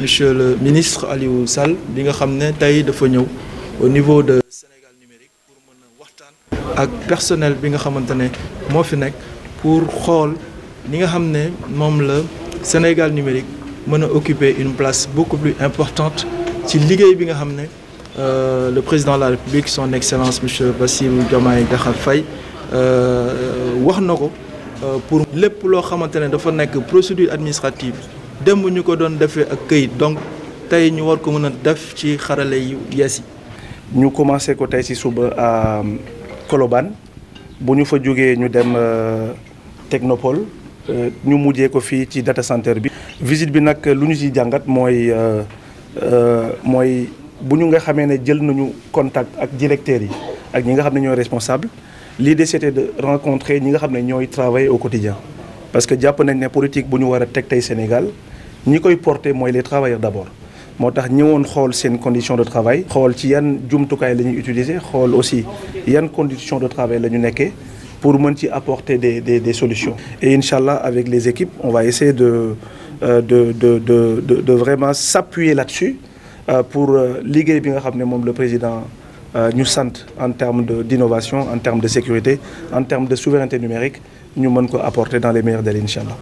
monsieur le ministre Aliou Sall bi nga xam ne tey dafa ñëw au niveau de Sénégal numérique pour mën a waxtaan ak personnel bi nga xamante ne moo fi nekk pour xool li nga xam ne moom la Sénégal numérique mën a occuper une place beaucoup plus importante ci liggéey bi nga xam ne euh, le président de la République son excellence monsieur Bassirou Diomaye Diakhar Faye euh, wax na ko euh, pour lépp loo xamante ne dafa nekk procédure administrative démb ñu ko doon defee ak këyit donc tey ñu war ko mën a def ci xarale yi yees yi. ñu commencé ko tey ci suba à Colobane bu ñu fa jógee ñu dem euh, Technopole euh, ñu mujjee ko fii ci data center bi. visite bi nag lu ñu si jàngat mooy euh, mooy bu ñu nga xamee ne jël nañu contact ak directeurs yi ak ñi nga xam ne ñooy responsable l'idée c'était de rencontrer ñi nga xam ne ñooy travailler au quotidien parce que jàpp nañ ne politique bu ñu war a teg tey Sénégal ñi koy porter mooy les travailleurs d'abord moo tax ñëwoon xool seen condition de travail. xool ci yan jumtukaay la ñuy utiliser xool aussi yan condition de travail la ñu nekkee pour mën ci apporter des des des solutions. et incha allah avec les équipes on va essayer de euh, de de de de, de vraiment s'appuyer là-dessus euh, pour euh, liggéey bi nga xam ne moom le président. Euh, ñu sant en termes de d'innovation en termes de sécurité en termes de souveraineté numérique ñu mën ko apporter dans les meilleurs délais incha allah